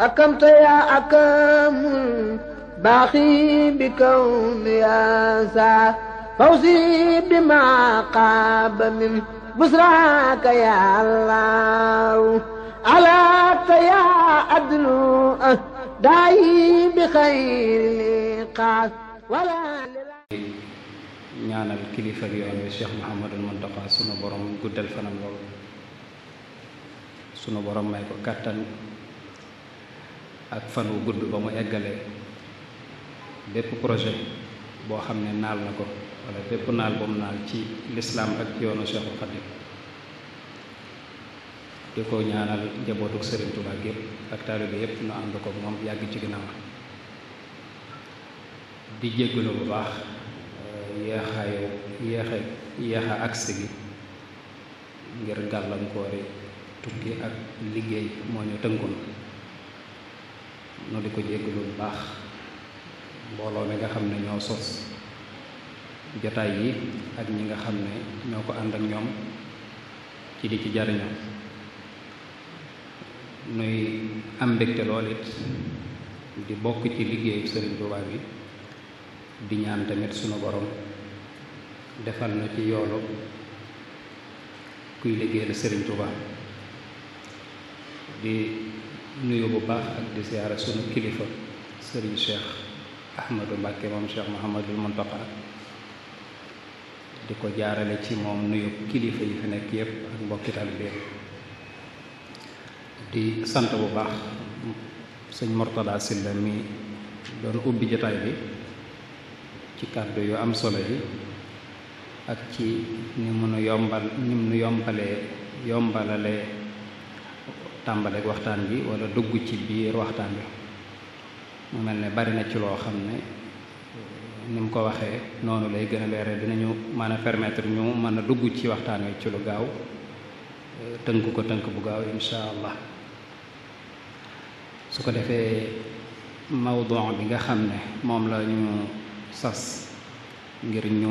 أكمت يا أكم باخي بكون يا سا فوزي بما قاب من بسراك يا الله علاك يا عدل داعي بخير لقاء ولا ñaanal kilifa ak yoon wi Cheikh Mouhamadul Mountakha sunu borom guddal fanam lool sunu borom may ko kàttan ak fanwu gudd ba mu eggalee bépp projet boo xam ne naal na ko wala bépp naal ba mu naal ci lislaam ak yoonu Seexul Xadiim di ko ñaanal njabootuk Sëriñ Tuubaa gépp ak taalibe yépp nu ànd ko moom yàgg ci ginnaaw di jéggalu bu baax eh, yeexaayu yeexa yeexa agsi gi ngir gàllankoori tukki ak liggéey moo ñu tënkoon noo di ko jéggalu bu baax mbooloo mi nga xam ne ñoo sos jotaay yi ak ñi nga xam ne ñoo ko ànd ak ñoom ci di ci jariñoo nuy am mbégte lool it di bokk ci liggéeyu Sëriñ Tuubaa bi di ñaan tamit sunu boroom defal na ci yoolu kuy liggéeyal Sëriñ Tuubaa di nuyu bu baax ak di siyaare sunu kilifa sëriñ Cheikh Ahmadou Mbacke moom Cheikh Mouhamadul Mountakha di ko jaarale ci moom nuyu kilifa yi fi nekk yépp ak mbokki taalibe di sant bu baax sëñ Mourtada Sylla mi doon ubbi jotaay bi ci kàddu yu am solo yi ak ci ni mu nu yombal ni mu yombalee yombalale tàmbaleeg waxtaan bi walla dugg ci biir waxtaan bi mu mel ne bari na ci loo xam ne ni mu ko waxee noonu lay gën a leere dinañu mën a permettre ñu mën a dugg ci waxtaan wi ci lu gaaw tënk ko tënk bu gaaw insha allah su ko defee mawdon bi nga xam ne moom la ñu sas ngir ñu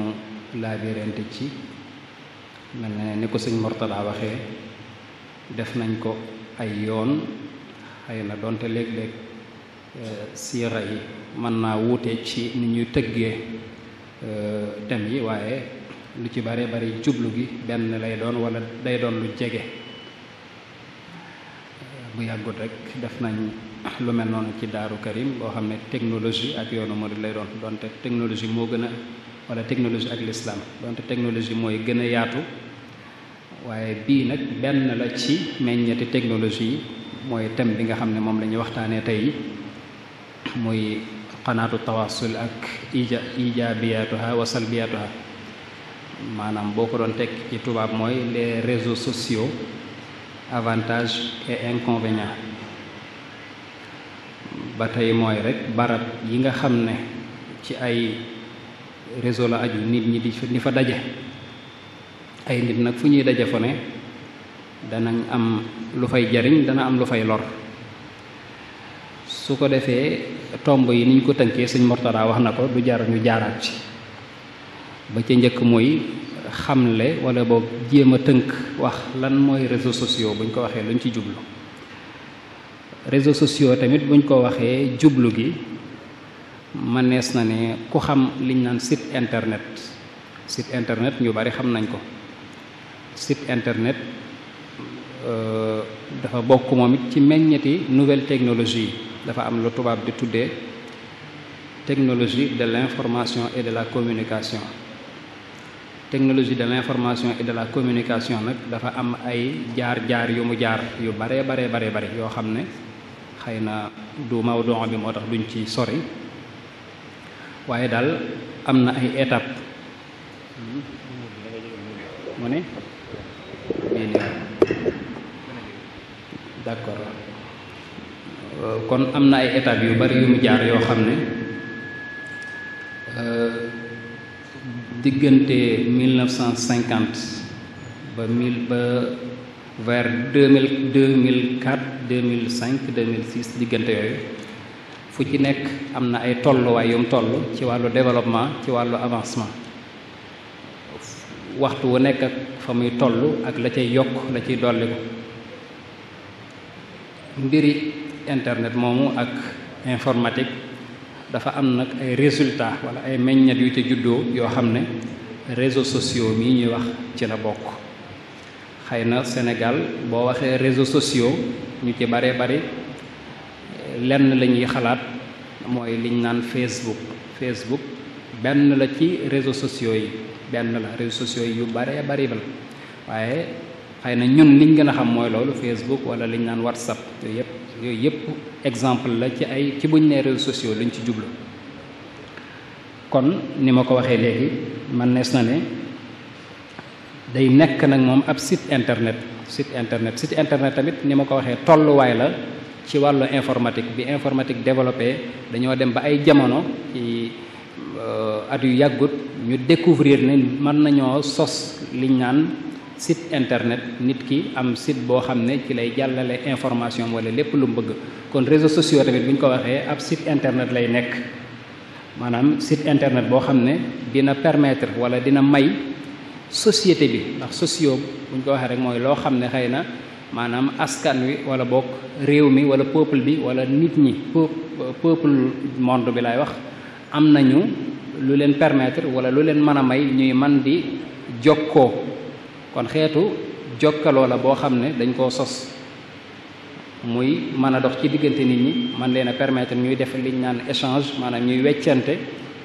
laabirante ci mel ne ni ko sëñ Mortada waxee def nañ ko ay yoon xëy na donte léeg-léeg euh, siira yi mën naa wuute ci ni ñuy tëggee euh, dem yi waaye lu ci bare bari jublu gi benn lay doon wala day doon lu jege euh, bu yàggut rek def nañ lu mel noonu ci Daaru Karim boo xam ne technologie ak yoonu murid lay doon donte technologie moo gën a wala technologie ak l'islam donte technologie mooy gën a yaatu waaye bii nag benn la ci meññeeti yi mooy thème bi nga xam ne moom la waxtaanee tey muy xanaatu tawaasul ak ija ijaabiyaatuha wa salbiyaatuha maanaam boo ko doon tekk ci tubaab mooy les réseaux sociaux avantage et inconvénients ba tey mooy rek barab yi nga xam ne ci ay réseau la aju nit ñi di fa daje ay nit nag fu ñuy daje fu dana am lu fay jariñ dana am lu fay lor su ko defee tomb yi niñ ko tënkee suñ Mortada wax na ko du jar ñu jaaraat ci ba ca njëkk mooy xamle walla boog jéem a tënk wax lan mooy réseaux sociaux buñ ko waxee luñ ci jublu réseaux sociaux tamit buñ ko waxee jublu gi mënees na ne ku xam liñ naan site internet site internet ñu bari xam nañ ko site internet euh, dafa bokk moom it ci meññeti nouvelle technologie dafa am lu tubaab di tuddee technologie de l'information et de la communication technologie de l'information et de la communication nag dafa am ay jaar-jaar yu mu jaar yu bare bare bare bare yoo xam ne xëy na du mawdu bi moo tax duñ ci sori waaye daal am na ay étape hmm? mu ne d'accord euh, kon am na ay étapes yu bari yu mu jaar yoo xam ne euh, diggante 1950 ba mille ba vers 2000 2004 2005 2006 diggante yooyu fu ci nekk am na ay tolluwaay yu mu toll ci wàllu développement ci wàllu avancement waxtu wu nekk ak fa muy toll ak la cay yokk la ciy dolli ko mbiri internet moomu ak informatique dafa am nag ay résultats wala ay meññat yu ca juddoo yoo xam ne réseau sociaux mii ñuy wax ci la bokk xëy na Sénégal boo waxee réseau sociaux ñu ci bare bari lenn la ñuy xalaat mooy liñ naan Facebook Facebook benn la ci réseau sociaux yi benn la réseaux sociaux yi yu bare bari la waaye xëy na ñun liñ gën a xam mooy loolu Facebook wala liñ naan WhatsApp yooyu yëpp yooyu yëpp exemple la ci ay ci buñ nee réseaux sociaux liñ ci jublu kon ni ma ko waxee léegi man nees na ne day nekk nag moom ab site internet site internet site internet tamit ni ma ko waxee tolluwaay la ci wàllu informatique bi informatique développé dañoo dem ba ay jamono Euh, at yu yàggut ñu découvrir ne mën nañoo sos liñ naan site internet nit ki am site boo xam ne ci lay jàllale information wala lépp lu mu bëgg kon réseau sociaux tamit bu ko waxee ab site internet lay nekk maanaam site internet boo xam ne dina permettre wala dina may société bi ndax sociaux buñ ko waxee rek mooy loo xam ne xëy na maanaam askan wi wala bokk réew mi wala peuple bi wala nit ñi euh, peuple monde bi laay wax am nañu lu leen permettre wala lu leen mën a may ñuy man di jokkoo kon xeetu jokkaloo la boo xam ne dañ koo sos muy mën a dox ci diggante nit ñi man leen a permettre ñuy def liñ naan échange maanaam ñuy weccante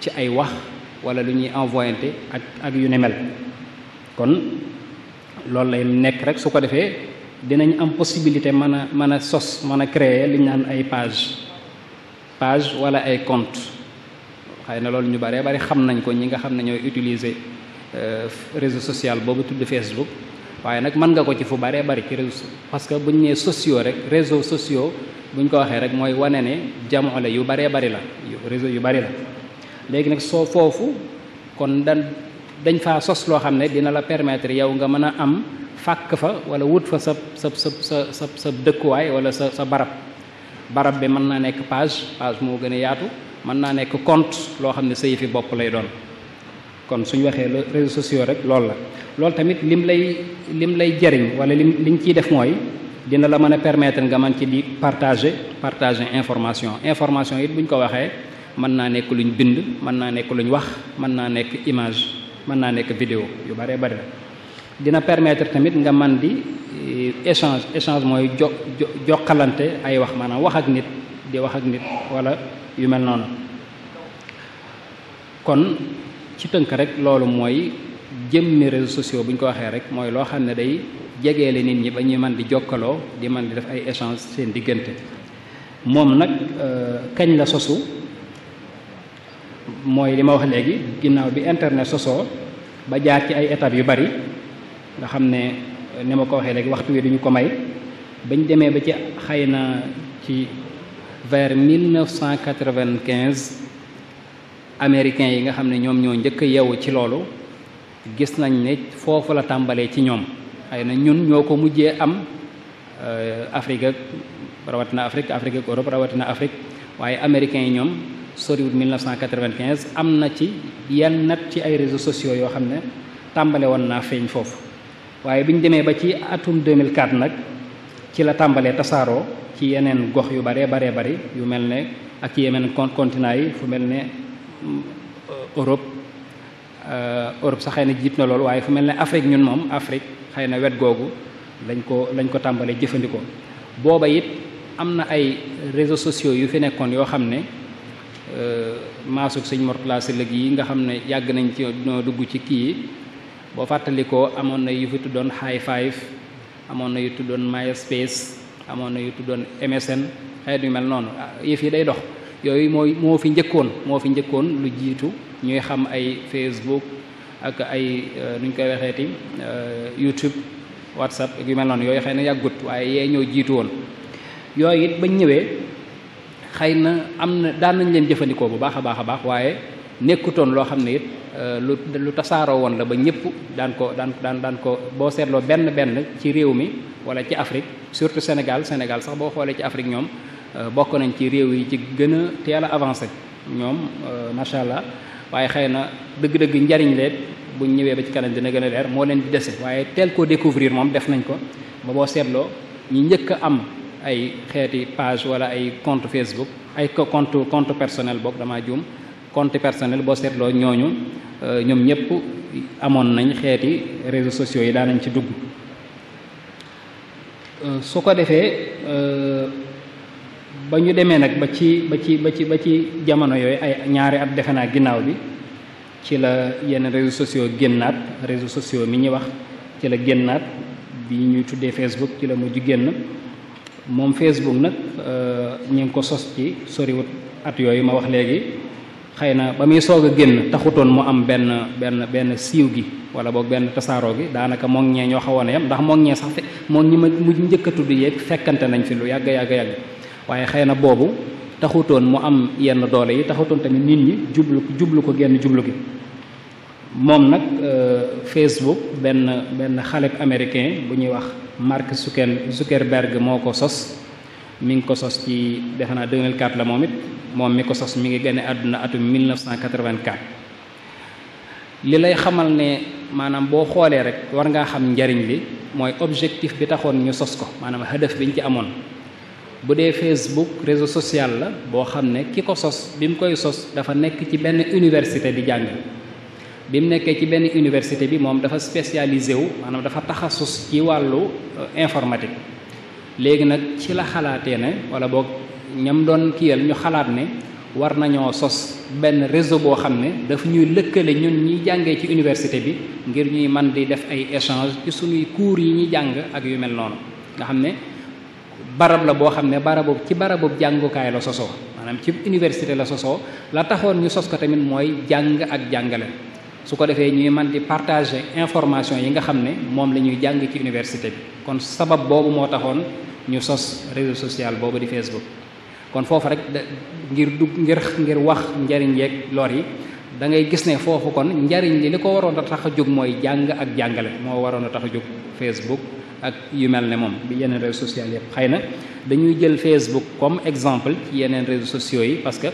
ci ay wax wala lu ñuy envoyante ak ak yu ne mel kon loolu lay nekk rek su ko defee dinañ am possibilité mën a mën a sos mën a créer liñ naan ay page page wala ay compte xëy na loolu ñu baree bari xam nañ ko ñi nga xam ne ñooy utiliser euh, réseau social boobu tudd Facebook waaye nag mën nga ko ci fu baree bari ci réseau parce que buñ nee sociaux rek réseau sociaux buñ ko waxee rek mooy wane ne jamono la yu baree bari la réseau yu bari la léegi nag soo foofu kon dan dañ faa sos loo xam ne dina la permettre yow nga mën a am fàkk fa wala wut fa sa sa sa sa sa dëkkuwaay wala sa sa barab barab bi mën naa nekk page page moo gën a yaatu mën naa nekk compte loo xam ne sa fi bopp lay doon kon suñu waxee réseaux sociaux rek loolu la loolu tamit lim lay lim lay jariñ wala lim liñ ciy def mooy dina la mën a permettre nga man ci di partager partager information information it buñ ko waxee mën naa nekk luñ bind mën naa nekk luñ wax mën naa nekk image mën naa nekk vidéo yu bëree bëri la dina permettre tamit nga man di eh, échange échange mooy jo jokkalante ay wax maanaam wax ak nit di wax ak nit wala yu mel noonu kon ci tënk rek loolu mooy jëmmi réseaux sociaux bu ñu ko waxee rek mooy loo xam ne day jegeele nit ñi ba ñu man di jokkaloo di man di def ay échange seen diggante moom nag euh, kañ la sosu mooy li ma wax léegi ginnaaw bi internet sosoo ba jaar ci ay étapes yu bari nga xam ne ni ma ko waxee léegi waxtu wi duñu ko may bañ demee ba ci xëy na ci vers 1995 américains yi nga xam ne ñoom ñoo njëkk a ci loolu gis nañ ne foofu la tàmbalee ci ñoom xëy na ñun ñoo ko mujjee am euh, Afrique ak rawatina Afrique Afrique ak Europe rawatina Afrique waaye américains yi ñoom soriwul 1995 am na ci yenn nat ci ay réseaux sociaux yoo xam ne tàmbale woon naa feeñ foofu waaye bi demee ba ci atum nag ci la tàmbalee tasaaroo. ci yeneen gox yu baree baree bari yu mel ne ak ci yeneen continent yi fu mel ne euh, Europe euh, Europe sax xëy na jiit na loolu waaye fu mel ne Afrique ñun moom Afrique xëy na wet googu lañ ko lañ ko tàmbali jëfandikoo booba it am na ay réseaux sociaux yu fi nekkoon yoo xam ne euh, maasug sëñ Mourtala Sylla yi nga xam ne yàgg nañ ci noo dugg ci kii yi boo fàttalikoo amoon na yu fi tuddoon high five amoon na yu tuddoon MySpace amoon na yu doon MSN xeet yu mel noonu ah, yëf yi day dox yooyu mooy moo fi njëkkoon moo fi njëkkoon lu jiitu ñuy xam ay Facebook ak ay euh, nu ñu koy waxeeti euh, YouTube WhatsApp ak yu mel noonu yooyu xëy na yàggut waaye yee ñëw jiitu woon yooyu it bañ ñëwee xëy na am na daan nañ leen jëfandikoo bu baax a baax a baax waaye nekkutoon loo xam ne it euh, lu tasaaroo woon la ba ñëpp daan ko daan daan daan ko boo seetloo benn benn ci réew mi wala ci Afrique surtout Sénégal Sénégal sax boo xoolee ci Afrique ñoom euh, bokk nañ ci réew yi ci gën a teel a avancé ñoom euh, macha allah waaye xëy na dëgg-dëgg njariñ leen buñ ñëwee ba ci kanam dina gën a leer moo leen di dese waaye teel koo découvrir moom def nañ ko ba boo seetloo ñi njëkk a am ay xeeti page wala ay compte Facebook ay compte compte personnel boog damaa juum compte personnel boo seetloo ñooñu euh, ñoom ñëpp amoon nañ xeeti réseaux sociaux yi daan nañ ci dugg Euh, su ko defee euh, ba ñu demee nag ba ci ba ci ba ci ba ci jamono yooyu ay ñaari at defe naa ginnaaw bi ci la yenn réseaux sociaux génnaat réseau sociaux mi ñuy wax ci la génnaat bi ñuy tuddee Facebook ci la mujj génn moom Facebook nag euh, ñu ngi ko sos ci soriwut at yooyu ma wax léegi xëy na ba muy soog a génn taxutoon mu am benn benn benn siiw gi wala boog benn tasaaroo gi daanaka moog ñee ñoo xawoon a yam ndax moog ñee sax fe moog ñi ma mu njëkk a tudd yéeg fekkante nañ fi lu yàgg yàgg yàgg waaye xëy na boobu taxutoon mu am yenn doole yi taxutoon tamit nit ñi jublu jublu ko génn jublu gi moom nag euh, Facebook benn benn xale américain bu ñuy wax Mark Zuckerberg moo ko sos mi ngi ko sos ci defe naa 2004 la moom it moom mi ko sos mi ngi gane àdduna atum 1984 li lay xamal ne maanaam boo xoolee rek war ngaa xam njariñ li mooy objectif bi taxoon ñu sos ko maanaam hadaf bi ñu ci amoon bu dee Facebook réseau social la boo xam ne ki ko sos bi mu koy sos dafa nekk ci benn université bi jàng bi mu nekkee ci benn université bi moom dafa spécialisé wu maanaam dafa taxasus ci wàllu euh, informatique léegi nag ci la xalaatee ne wala boog ñam doon kiyal ñu xalaat ne war nañoo sos benn réseau boo xam ne dafa ñuy lëkkale ñun ñuy jàngee ci université bi ngir ñuy man di def ay échange ci suñuy cours yi ñuy jàng ak yu mel noonu nga xam ne barab la boo xam ne barabu ci barabu jàngukaay la sosoo maanaam ci université la sosoo la taxoon ñu sos ko tamit mooy jàng ak jàngale su ko defee ñuy man di partager information yi nga xam ne moom la ñuy jàng ci université bi kon sabab boobu moo taxoon ñu sos réseau social boobu di Facebook kon foofu rek da ngir dugg ngir ngir wax njariñ yeeg lor yi da ngay gis ne foofu kon njariñ li li ko waroon tax a jóg mooy jàng ak jàngale moo waroon a tax a jóg Facebook ak yu mel ne moom bi yeneen réseaux social yëpp xëy na dañuy jël Facebook comme exemple ci yeneen réseaux sociaux yi parce que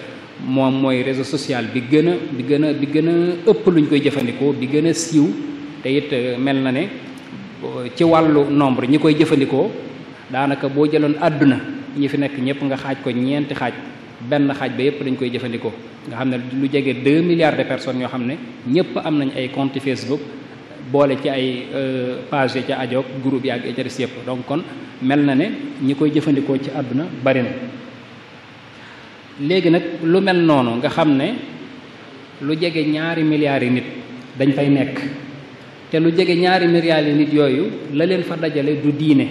moom mooy réseau sociale bi gën a bi gën a bi gën a ëpp luñ koy jëfandikoo bi gën a siiw te it euh, mel na ne euh, ci wàllu nombre ñi koy jëfandikoo daanaka boo jëloon àdduna ñi fi nekk ñëpp nga xaaj ko ñeenti xaaj benn xaaj ba yëpp dañ koy jëfandikoo nga xam ne lu jege 2 milliards de personnes yoo xam ne ñëpp am nañ ay compte Facebook boole ci ay euh, page yi ca ajoog groupe yi ak étaris yëpp donc kon mel na ne ñi koy jëfandikoo ci àdduna bari na léegi nag lu mel noonu nga xam ne lu jege ñaari milliards yi nit dañ fay nekk te lu jege ñaari milliards yi nit yooyu la leen fa dajale du diine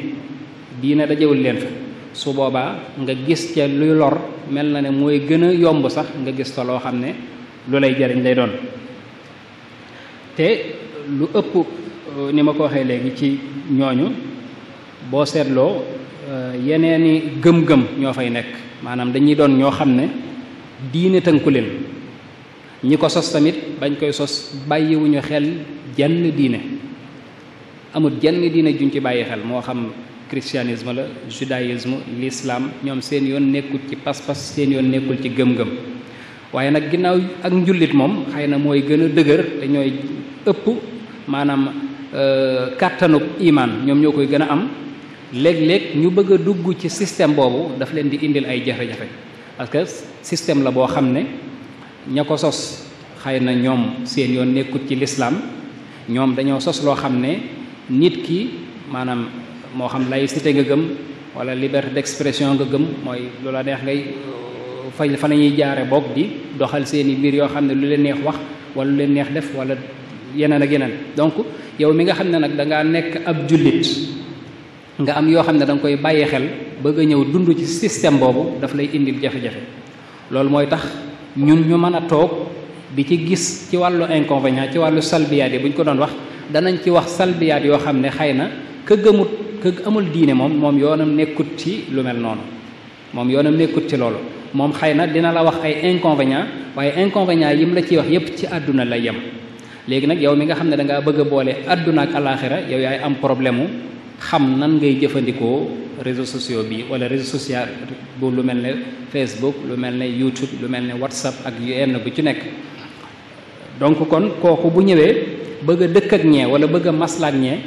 diine dajewul leen fa su boobaa nga gis ca luy lor mel na ne mooy gën a yomb sax nga gis ta loo xam ne lu lay jariñ lay doon te lu ëpp euh, ni ma ko waxee léegi ci ñooñu boo seetloo yeneeni gëm-gëm ñoo fay nekk maanaam dañuy doon ñoo xam ne diine tënku leen ñi ko sos tamit bañ koy sos bàyyiwuñu xel jenn diine amut jenn diine juñ ci bàyyi xel moo xam christianisme la judaïsme lislaam ñoom seen yoon nekkul ci pas-pas seen yoon nekkul ci gëm-gëm waaye nag ginnaaw ak njullit moom xëy na mooy gën a dëgër te ñooy ëpp maanaam euh, kàttanuk imaan ñoom ñoo koy gën a am léeg-léeg ñu bëgg a dugg ci système boobu dafa leen di indil ay jafe-jafe parce que système la boo xam ne ña ko sos xëy na ñoom seen yoon nekkut ci lislaam ñoom dañoo sos loo xam ne nit ki maanaam moo xam laïcité gëm wala liberté d'expression nga gëm mooy lu la neex ngay fay fa la ñuy jaare bokk di doxal seeni biir yoo xam ne lu leen neex wax wala lu leen neex def wala yeneen ak yeneen donc yow mi nga xam ne nag dangaa nekk ab jullit nga am yoo xam ne da nga koy bàyyi xel bëgg a ñëw dund ci système boobu daf lay indil jafe-jafe loolu mooy tax ñun ñu mën a toog bi ci gis ci wàllu inconvénient ci wàllu salbiyaat yi bu ñu ko doon wax danañ ci wax salbiyaat yoo xam ne xëy na ka gëmut ka amul diine moom moom yoonam nekkut ci lu mel noonu moom yoonam nekkut ci loolu moom xëy na dina la wax ay inconvénient waaye inconvénient yim la ciy wax yépp ci àdduna lay yem léegi nag yow mi nga xam ne da ngaa bëgg a boole àdduna ak alaaxira yow yaay am mu xam nan ngay jëfandikoo réseau sociaux bi wala réseau social bu lu mel ne Facebook lu mel ne YouTube lu mel ne WhatsApp ak yenn bu ci nekk donc kon kooku bu ñëwee bëgg dëkk ak ñee wala bëgg a maslaak ñee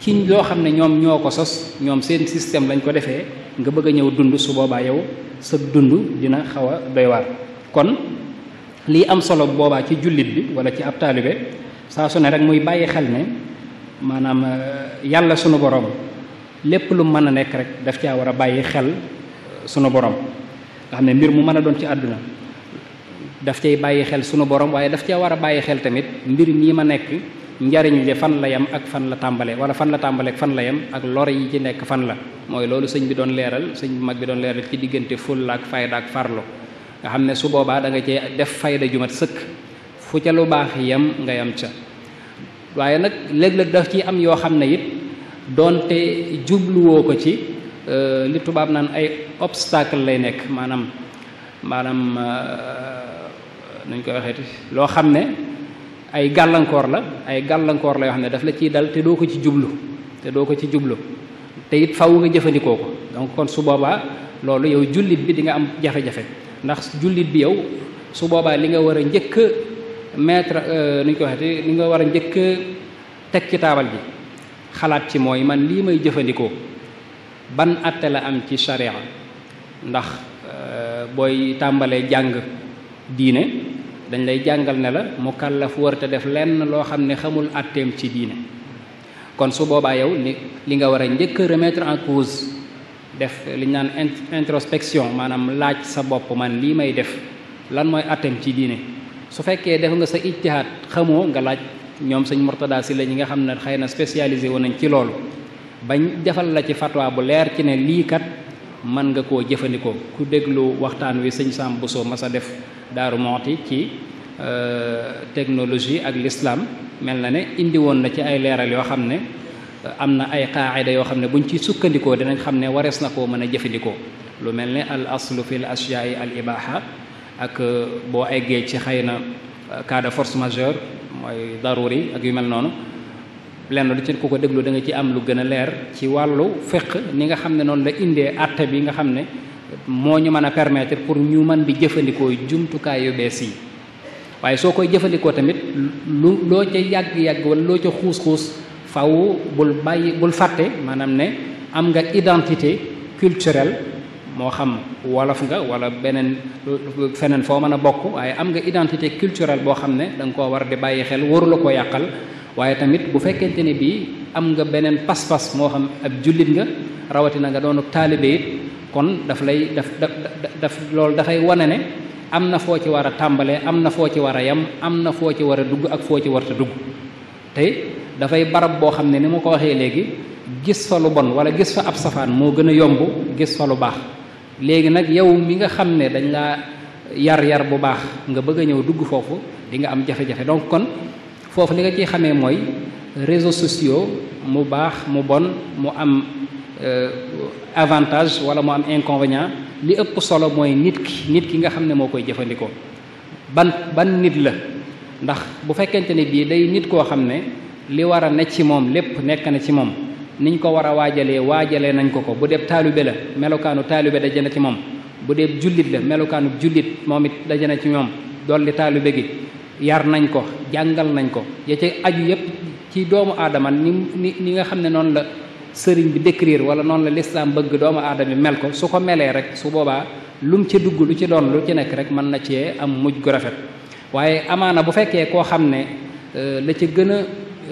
ci loo xam ne ñoom ñoo ko sos ñoom seen système lañ ko defee nga bëgg a ñëw dund su boobaa yow sa dund dina xaw a doy waar kon lii am solo boobaa ci jullit bi wala ci ab taalibe saa su ne rek muy bàyyi xel ne maanaam euh, yàlla sunu borom lépp lu mën a nekk rek daf caa war a bàyyi xel sunu borom nga xam ne mbir mu mën a doon ci àdduna daf cay bàyyi xel sunu borom waaye daf caa war a bàyyi xel tamit mbir mii ma nekk njariñ li fan la yem ak fan la tàmbalee wala fan la tàmbale fan la yem ak lore yi ci nekk fan la mooy loolu sëñ bi doon leeral sëñ bi mag bi doon leeral ci diggante fulla ak fayda ak farlo nga xam ne su boobaa danga nga cee def fayda ju sëkk fu ca baax yem nga yem ca waaye nag léeg-léeg dafa ci am yoo xam ne it donte jubluwoo ko ci euh, li tubaab naan ay obstacle lay nekk maanaam maanaam euh, nañ koy waxee waxeeti loo xam ne ay gàllankoor la ay gàllankoor la yoo xam ne daf la ciy dal te doo ko ci jublu te doo ko ci jublu te it faw nga jëfandikoo ko donc kon su boobaa loolu yow jullit bi dinga am jafe-jafe ndax jullit bi yow su boobaa li nga war a njëkk mettre euh, ni ñu ko waxeeti ni nga war a njëkk teg ci taabal ji xalaat ci mooy man lii may jëfandikoo ban atte la am ci sharia ndax euh, booy tàmbalee jàng diine dañ lay jàngal ne la mu kàllaf war te def lenn loo xam ne xamul atteem ci diine kon su boobaa yow li li nga war a njëkk remettre en cause def li ñu naan introspection maanaam laaj sa bopp man lii may def lan mooy atteem ci diine su fekkee def nga sa ijtihaad xamoo nga laaj ñoom sañ Murtada si la ñi nga xam ne xëy na spécialisé wu nañ ci loolu bañ jafal la ci fatwa bu leer ci ne lii kat mën nga koo jëfandikoo ku déglu waxtaan wi sëñ Sam Bousso ma sa def Daaru Muxti ci euh, technologie ak l'islam mel na ne indi woon na ci ay leeral yoo xam ne euh, am na ay qaacida yoo xam ne buñ ci sukkandikoo dinañ xam ne warees na koo mën a jëfandikoo lu mel ne al aslu fi l ashyaa'i al ibaha ak euh, boo eggee ci xay na euh, cas de force majeure mooy daruri ak yu mel noonu lenn lu ci ku ko déglu da nga ci am lu gën a leer ci wàllu fiq ni nga xam ne noonu la indee àtte bi nga xam ne moo ñu mën a permettre pour ñu man bi jëfandikoo jumtukaay yu bees yi waaye soo koy jëfandikoo tamit lu loo ca yàgg-yàgg wala loo ca xuus-xuus faw bul bàyyi bul fàtte maanaam ne am nga identité culturelle moo xam wolof nga wala beneen feneen foo mën a bokk waaye am nga identité culturelle boo xam ne da nga koo war di bàyyi xel warula la ko yàqal waaye tamit bu fekkente ne bii am nga beneen pas-pas moo xam ab jullit nga rawatina nga doon taalibe it kon daf lay daf daf loolu dafay wane ne am na foo ci war a tàmbalee am na foo ci war a yem am na foo ci war a dugg ak foo ci war a dugg te dafay barab boo xam ne ni ma ko waxee léegi gis fa lu bon wala gis fa ab safaan moo gën a yomb gis baax léegi nag yow mi nga xam ne dañ laa yar yar bu baax nga bëgg a ñëw dugg foofu di nga am jafe-jafe donc kon foofu li nga ci xamee mooy réseau sociaux mu baax mu bon mu am euh, avantage wala mu am inconvénient li ëpp solo mooy nit ki nit ki nga xam ne moo koy jëfandikoo ban ban nit la ndax bu fekkente ne bii day nit koo xam ne li war a ne ci moom lépp nekk na ci moom niñ ko war a waajalee waajalee nañ ko ko bu dee taalibe la melokaanu taalibe daje na ci moom bu dee jullit la melokaanu jullit moom it daje ci ñoom dolli taalibe gi yar nañ ko jàngal nañ ko ya ca aju yépp ci doomu aadama ni ni nga xam ne noonu la sëriñ bi décrire wala noonu la lislaam bëgg doomu aadama mel ko su ko melee rek su boobaa lum ci dugg lu ci doon lu ci nekk rek mën na cee am mujj gu rafet waaye amaana bu fekkee koo xam ne euh, la ca gën a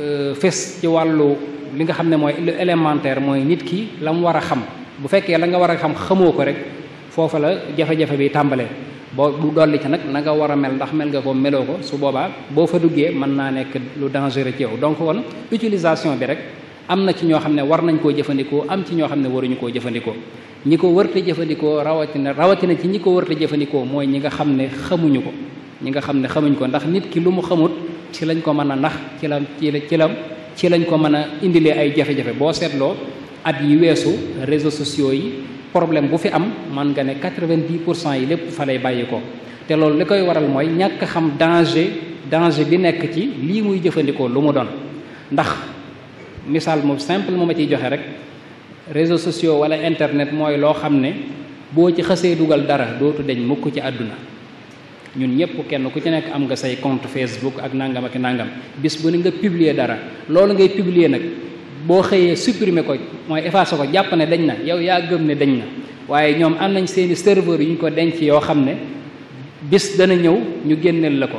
euh, ci wàllu li nga xam ne mooy lu élémentaire mooy nit ki la mu war a xam bu fekkee la nga war a xam xamoo ko rek foofa la jafe-jafe bi tàmbalee boo bu dolli ci nag na nga war a mel ndax mel nga ko meloo ko su boobaa boo fa duggee mën naa nekk lu dangereux ci yow donc kon utilisation bi rek am na ci ñoo xam ne war nañ koo jëfandikoo am ci ñoo xam ne waruñu koo jëfandikoo ñi ko wërte jëfandikoo rawatina rawatina ci ñi ko wërte jëfandikoo mooy ñi nga xam ne xamuñu ko ñi nga xam ne xamuñ ko ndax nit ki lu mu xamut ci lañ ko mën a nax ci la ci ci la ci lañ ko mën a indilee ay jafe-jafe boo seetloo at yi weesu réseaux sociaux yi problème bu fi am man nga ne quatre-vingt-dix pour cent yi lépp fa lay bàyyi ko te loolu li koy waral mooy ñàkk xam danger danger bi nekk ci lii muy jëfandikoo lu mu doon ndax misaal moom simple moo ma ciy joxe rek réseaux sociaux wala internet mooy loo xam ne boo ci xësee dugal dara dootu deñ mukk ci àdduna ñun ñëpp kenn ku ci nekk am nga say compte Facebook ak nangam ak nangam bis bu ne nga publier dara loolu ngay publier nag boo xëyee supprimer ko mooy effacer ko jàpp ne dañ na yow yaa gëm ne dañ na waaye ñoom am nañ seeni serveur yu ñu ko denc yoo xam ne bis dana ñëw ñu génneel la ko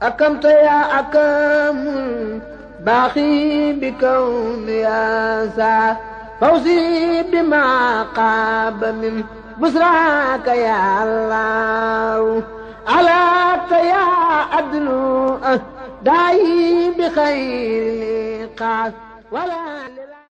akamta yaa akamul baaxi bi kaw mi yaa saa fawsi bi maa qaaba min بسراك يا الله ألاك يا عدل داعي بخير قاس ولا